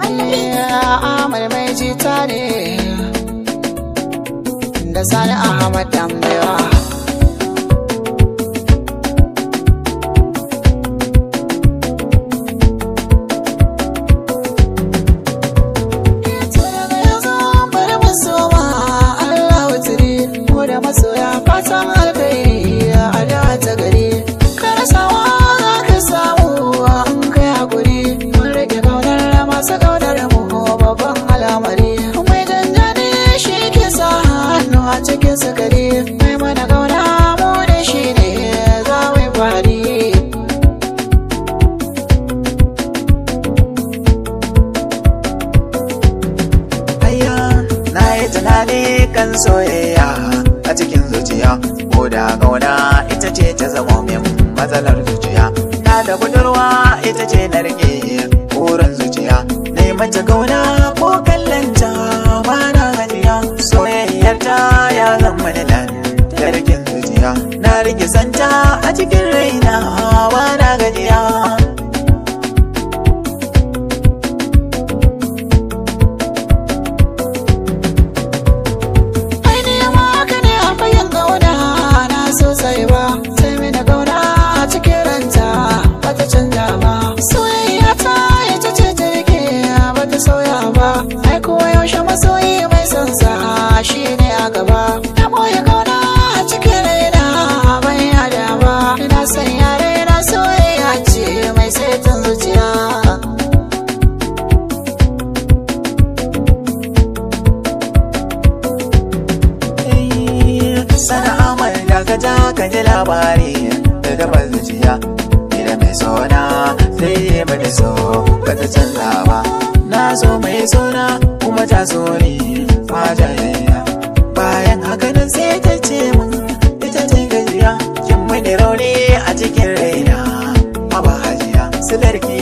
ahmad mai jita ne da Sani Ahmad Dambewa. a cikin sukari mai mana kauna mu da shi ne za mu yi fari ayya na yi tunani kan soyayya a cikin zuciya ko da kauna ita ce ta zama min matsalar zuciya na da budurwa ita ce na rike burin zuciya na yi gauna kauna ko kallon ta ba na soyayyar ta kaja ka ji labari daga zuciya ida mai sona sai yi mani so ta canza ba na so mai sona kuma ta so ni bayan haka nan sai ta ce min ita ce gajiya kin mani rauni a cikin raina ba hajiya su larki.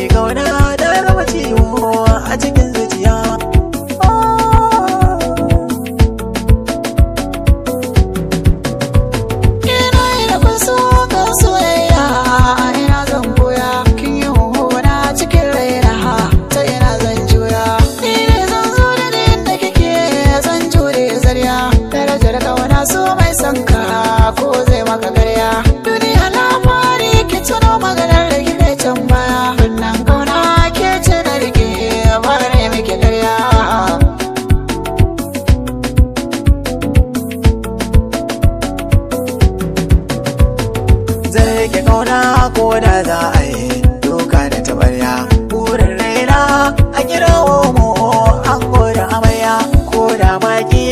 mamaki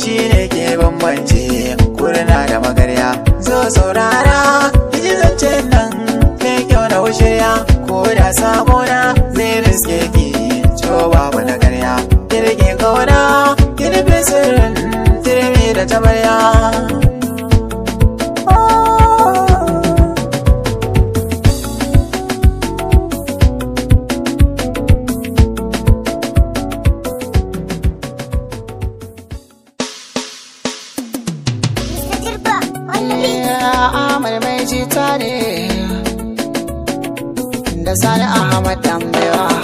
shine ne ke bambance kurna da magarya zo saurara ji zance nan ke kyau na wushirya ko da sabona zai riske ki to babu na garya kirki kauna kirgin sirrin tirmi da tabarya Ahmad mai jita ne da Sani Ahmad Dambewa.